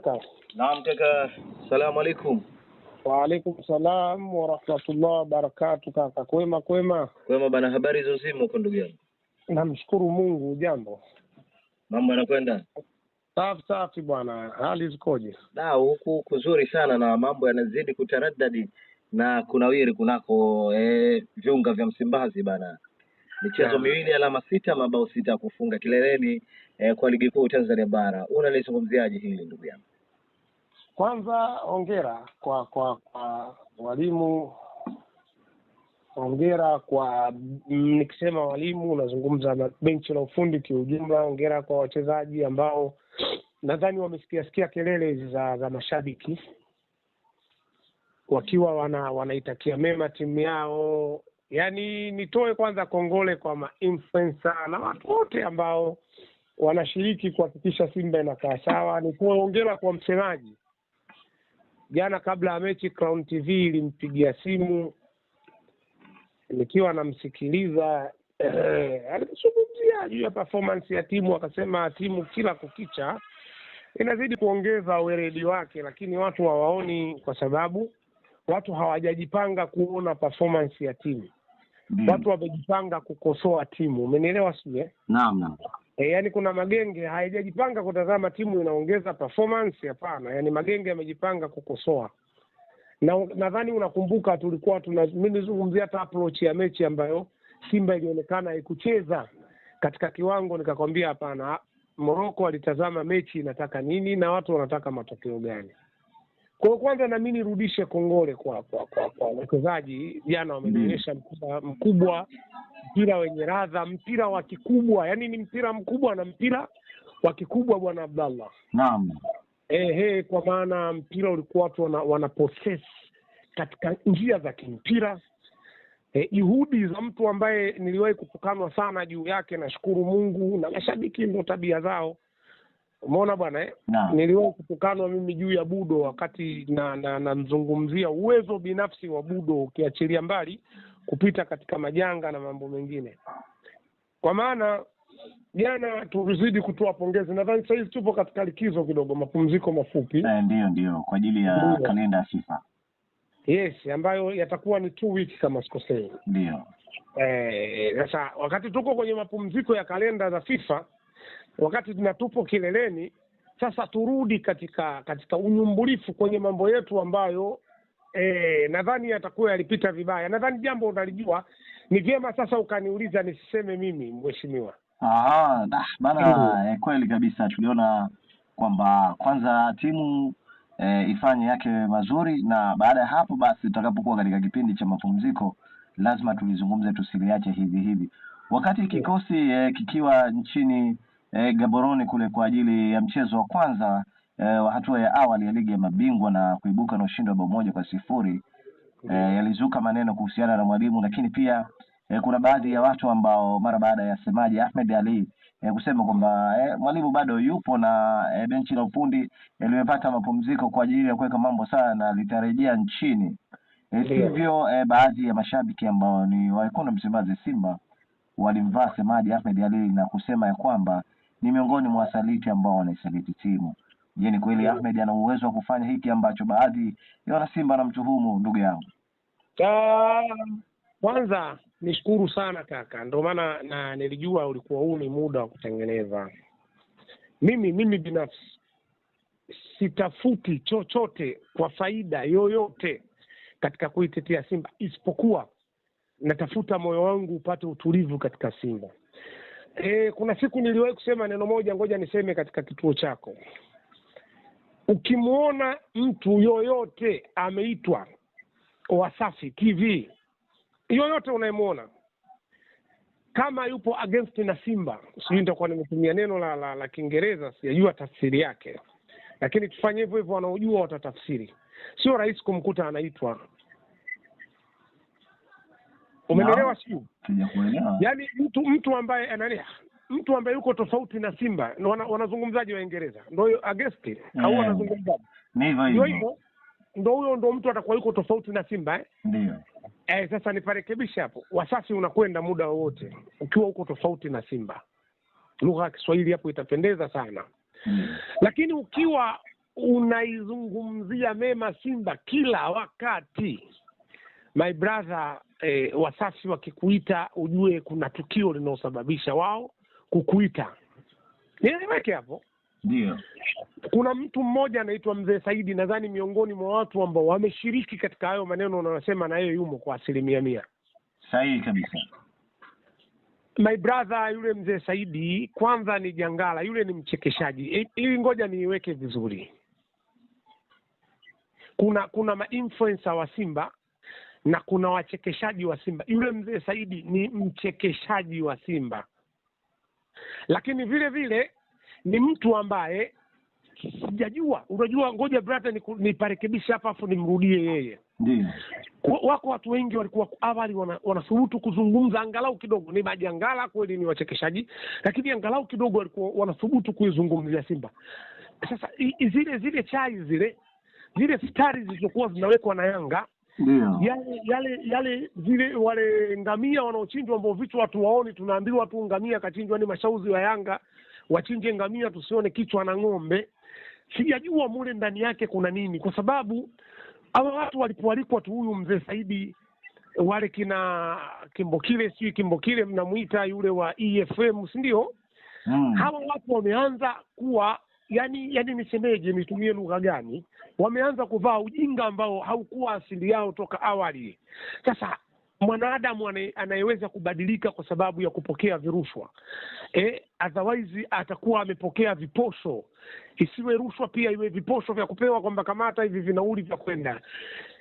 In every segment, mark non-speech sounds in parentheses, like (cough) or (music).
kaka. Naam kaka, salamu alaikum. Waalaikum salam warahmatullah wabarakatu kaka. Kwema kwema kwema bana, habari za simu huko ndugu yangu? Namshukuru Mungu. Jambo, mambo yanakwenda safi safi bwana, hali zikoje? Da, huku kuzuri zuri sana, na mambo yanazidi kutaraddadi na kunawiri kunako eh, viunga vya Msimbazi bana michezo miwili alama sita mabao sita kufunga kileleni eh, kwa ligi kuu Tanzania bara. Unalizungumziaje hili ndugu yangu? Kwanza hongera kwa kwa kwa walimu, hongera kwa nikisema walimu unazungumza benchi la ufundi kiujumla. Hongera kwa wachezaji ambao nadhani wamesikia sikia kelele hizi za, za mashabiki wakiwa wana wanaitakia mema timu yao. Yaani nitoe kwanza kongole kwa mainfluencer na watu wote ambao wanashiriki kuhakikisha Simba inakaa sawa. Nitoe hongera kwa msemaji Jana kabla ya mechi, Crown TV ilimpigia simu nikiwa namsikiliza (clears throat) alizungumzia juu ya performance ya timu, akasema timu kila kukicha inazidi kuongeza weredi wake, lakini watu hawaoni kwa sababu watu hawajajipanga kuona performance ya timu mm. Watu wamejipanga kukosoa timu, umenielewa sije? Naam, naam. E, yani kuna magenge hayajajipanga kutazama timu inaongeza performance, hapana. Yani magenge yamejipanga kukosoa, na nadhani unakumbuka tulikuwa tuna, mimi nizungumzia hata approach ya mechi ambayo Simba ilionekana haikucheza katika kiwango, nikakwambia hapana, Morocco alitazama mechi inataka nini na watu wanataka matokeo gani. Kwa hiyo kwanza, nami nirudishe kongole kwa kwa kwa kwa wachezaji Jana wamenionyesha mm. mpira mkubwa, mpira wenye radha, mpira wa kikubwa, yaani ni mpira mkubwa na mpira wa kikubwa, bwana Abdallah. Naam. Ehe, kwa maana mpira ulikuwa watu wana, wana possess katika njia za kimpira e, juhudi za mtu ambaye niliwahi kutukanwa sana juu yake, nashukuru Mungu na mashabiki ndio tabia zao Umeona bwana eh? Niliwahi kutukanwa mimi juu ya Budo wakati na namzungumzia na uwezo binafsi wa Budo ukiachilia mbali kupita katika majanga na mambo mengine. Kwa maana jana tuzidi kutoa pongezi, nadhani sahizi tupo katika likizo kidogo, mapumziko mafupi. Eh, ndio, ndio kwa ajili ya kalenda ya FIFA. Yes, ambayo yatakuwa ni two weeks kama sikosei. Ndio. Eh, sasa e, wakati tuko kwenye mapumziko ya kalenda za FIFA wakati tunatupo tupo kileleni. Sasa turudi katika katika unyumbulifu kwenye mambo yetu ambayo e, nadhani yatakuwa yalipita vibaya. Nadhani jambo unalijua, ni vyema sasa ukaniuliza nisiseme mimi, mheshimiwa. nah, bana, eh, kweli kabisa tuliona kwamba kwanza timu e, ifanye yake mazuri, na baada ya hapo basi tutakapokuwa katika kipindi cha mapumziko lazima tulizungumze, tusiliache hivi hivi, wakati kikosi e, kikiwa nchini e, eh, Gaboroni kule kwa ajili ya mchezo wa kwanza e, wa hatua ya awali ya ligi ya mabingwa na kuibuka na ushindi wa bao moja kwa sifuri. E, yalizuka maneno kuhusiana na mwalimu, lakini pia e, kuna baadhi ya watu ambao mara baada ya semaji Ahmed Ali e, kusema kwamba e, mwalimu bado yupo na e, benchi la ufundi e, limepata mapumziko kwa ajili ya kuweka mambo sawa na litarejea nchini hivyo e, e, baadhi ya mashabiki ambao ni wawekundu Msimbazi Simba walimvaa semaji Ahmed Ali na kusema ya kwamba ni miongoni mwa wasaliti ambao wanaisaliti timu. Je, ni kweli Ahmed ana uwezo wa kufanya hiki ambacho baadhi ya wanasimba wanamtuhumu? Ndugu yangu, kwanza nishukuru sana kaka, ndio maana na nilijua ulikuwa huu ni muda wa kutengeneza. Mimi mimi binafsi sitafuti chochote kwa faida yoyote katika kuitetea Simba isipokuwa natafuta moyo wangu upate utulivu katika Simba. E, kuna siku niliwahi kusema neno moja, ngoja niseme katika kituo chako. Ukimwona mtu yoyote ameitwa Wasafi TV, yoyote unayemwona kama yupo against na Simba, sijui nitakuwa nimetumia neno la la, la Kiingereza, sijajua tafsiri yake, lakini tufanye hivyo hivyo, wanaojua watatafsiri. Sio rahisi kumkuta anaitwa Umenielewa sio? Yaani mtu mtu ambaye anania mtu ambaye yuko tofauti na Simba wanazungumzaji Waingereza hiyo against au eh. wanazungumzaji ndio hivyo ndo huyo ndo mtu atakuwa yuko tofauti na Simba eh? Ndio. Eh, sasa niparekebishe hapo. Wasasi unakwenda muda wowote ukiwa uko tofauti na Simba. Lugha ya Kiswahili hapo itapendeza sana. Lakini ukiwa unaizungumzia mema Simba kila wakati my brother eh, wasafi wakikuita ujue kuna tukio linaosababisha wao kukuita. Nieleweke hapo. Ndio, kuna mtu mmoja anaitwa mzee Saidi, nadhani miongoni mwa watu ambao wameshiriki katika hayo maneno unayosema, na yeye yumo kwa asilimia mia. Sahihi kabisa. My brother, yule mzee Saidi kwanza ni jangala, yule ni mchekeshaji. e, ngoja niiweke vizuri, kuna kuna mainfluencer wa Simba na kuna wachekeshaji wa Simba. Yule mzee Saidi ni mchekeshaji wa Simba, lakini vile vile ni mtu ambaye sijajua, unajua, ngoja brata niparekebishe hapa afu nimrudie yeye. Ndiyo. Wako watu wengi walikuwa awali wanathubutu wana kuzungumza angalau kidogo, ni majangala kweli, ni wachekeshaji, lakini angalau kidogo walikuwa wanathubutu kuizungumzia Simba. Sasa zile zile chai zile zile stari zilizokuwa zinawekwa na Yanga yeah. yale yale yale zile wale ngamia wanaochinjwa ambao vichwa watu waoni, tunaambiwa tu ngamia kachinjwa, ni mashauzi wa Yanga wachinje ngamia tusione kichwa na ng'ombe. Sijajua mule ndani yake kuna nini, kwa sababu hawa watu walipoalikwa tu huyu mzee Saidi wale kina Kimbokile, sijui Kimbokile mnamwita yule wa EFM, si ndio? Hmm. hawa watu wameanza kuwa yani, yani nisemeje, nitumie lugha gani? wameanza kuvaa ujinga ambao haukuwa asili yao toka awali. Sasa mwanadamu anayeweza kubadilika kwa sababu ya kupokea virushwa e, otherwise atakuwa amepokea viposho. Isiwe rushwa pia, iwe viposho vya kupewa kwamba kamata hivi vinauli vya kwenda.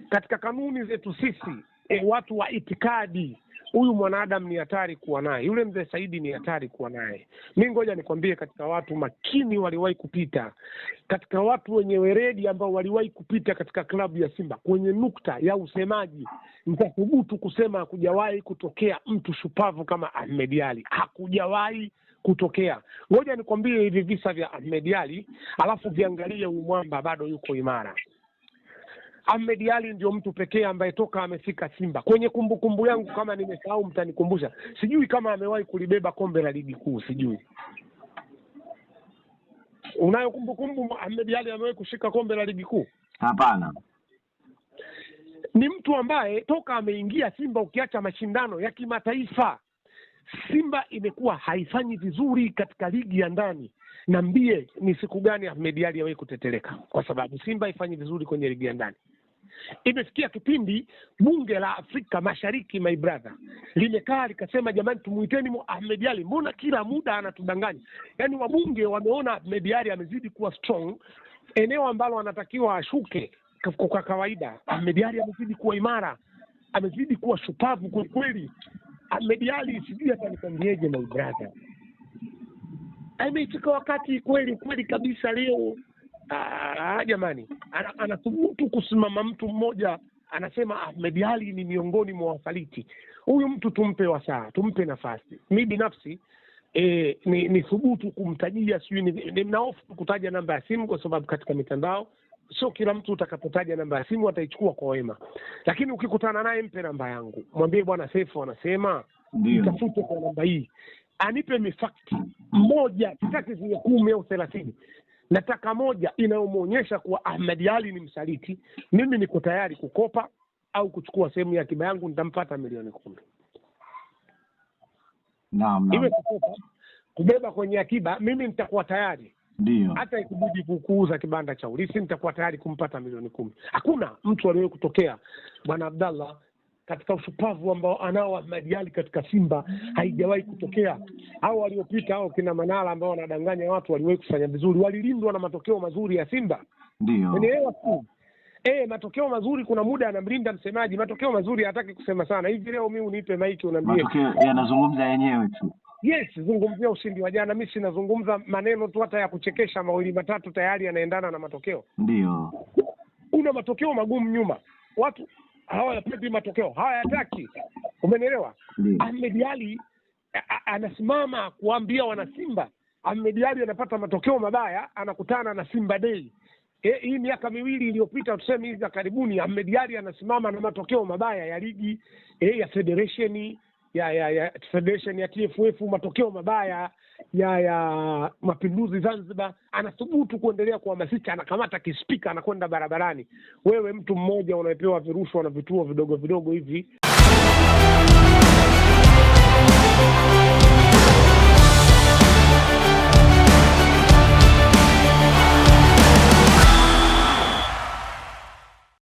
Katika kanuni zetu sisi e, watu wa itikadi huyu mwanadamu ni hatari kuwa naye, yule mzee Saidi ni hatari kuwa naye. Mi ngoja nikwambie, katika watu makini waliwahi kupita, katika watu wenye weredi ambao waliwahi kupita katika klabu ya Simba kwenye nukta ya usemaji, nitathubutu kusema hakujawahi kutokea mtu shupavu kama Ahmed Ali, hakujawahi kutokea. Ngoja nikwambie hivi visa vya Ahmed Ali, alafu viangalie huyu mwamba bado yuko imara. Ahmed Ali ndio mtu pekee ambaye toka amefika Simba kwenye kumbukumbu kumbu yangu, kama nimesahau mtanikumbusha. Sijui kama amewahi kulibeba kombe la ligi kuu, sijui unayo kumbukumbu Ahmed Ali amewahi kushika kombe la ligi kuu? Hapana. Ni mtu ambaye toka ameingia Simba, ukiacha mashindano ya kimataifa, Simba imekuwa haifanyi vizuri katika ligi ya ndani. Niambie, ni siku gani Ahmed Ali awahi kuteteleka? Kwa sababu Simba haifanyi vizuri kwenye ligi ya ndani. Imefikia kipindi bunge la Afrika Mashariki, my brother, limekaa likasema, jamani, tumuiteni Ahmed Ally, mbona kila muda anatudanganya? Yaani wabunge wameona Ahmed amezidi kuwa strong, eneo ambalo anatakiwa ashuke kwa kawaida. Ahmed amezidi kuwa imara, amezidi kuwa shupavu kwelikweli. Ahmed ali sijui atanipangiaje, my brother. Imechika wakati kweli kweli kabisa leo Ah, jamani, anathubutu ana kusimama mtu mmoja anasema ah, Ahmed Ali ni miongoni mwa wasaliti. Huyu mtu tumpe wasaa, tumpe nafasi. Mi binafsi e, ni, ni thubutu kumtajia, sijui ninaofu kutaja namba ya simu kwa sababu katika mitandao sio kila mtu utakapotaja namba ya simu ataichukua kwa wema, lakini ukikutana naye mpe namba yangu, mwambie bwana Sefu anasema nitafute kwa namba hii, anipe mifakti mmoja, sitaki ziwe kumi au thelathini, nataka moja inayomwonyesha kuwa Ahmed Ali ni msaliti. Mimi niko tayari kukopa au kuchukua sehemu ya akiba yangu, nitampata milioni kumi. Naam, naam. Iwe kukopa, kubeba kwenye akiba, mimi nitakuwa tayari ndio hata ikibidi kukuuza kibanda cha ulisi nitakuwa tayari kumpata milioni kumi. Hakuna mtu aliyewahi kutokea bwana Abdallah katika ushupavu ambao anao Ahmadi katika Simba haijawahi kutokea. Hao waliopita hao kina Manara ambao wanadanganya watu, waliwahi kufanya vizuri, walilindwa na matokeo mazuri ya Simba, ndio unaelewa tu. E, matokeo mazuri kuna muda anamlinda msemaji, matokeo mazuri hataki kusema sana. Hivi leo mi unipe maiki, unaambia matokeo eh, yanazungumza yenyewe tu. Yes, zungumzia ushindi wa jana. Mi sinazungumza maneno tu hata ya kuchekesha mawili matatu, tayari yanaendana na matokeo. Ndio una matokeo magumu nyuma, watu hawayapendi matokeo, hawayataki. Umenielewa? Ahmed Ali anasimama kuambia wanasimba, Ahmed Ali anapata matokeo mabaya, anakutana na Simba Day. E, hii miaka miwili iliyopita tuseme hizi za karibuni, Ahmed Ali anasimama na matokeo mabaya ya ligi e, ya federation ya ya ya federation ya TFF, matokeo mabaya ya ya mapinduzi Zanzibar, anathubutu kuendelea kuhamasisha, anakamata kispika, anakwenda barabarani. Wewe mtu mmoja unaepewa virushwa na vituo vidogo vidogo hivi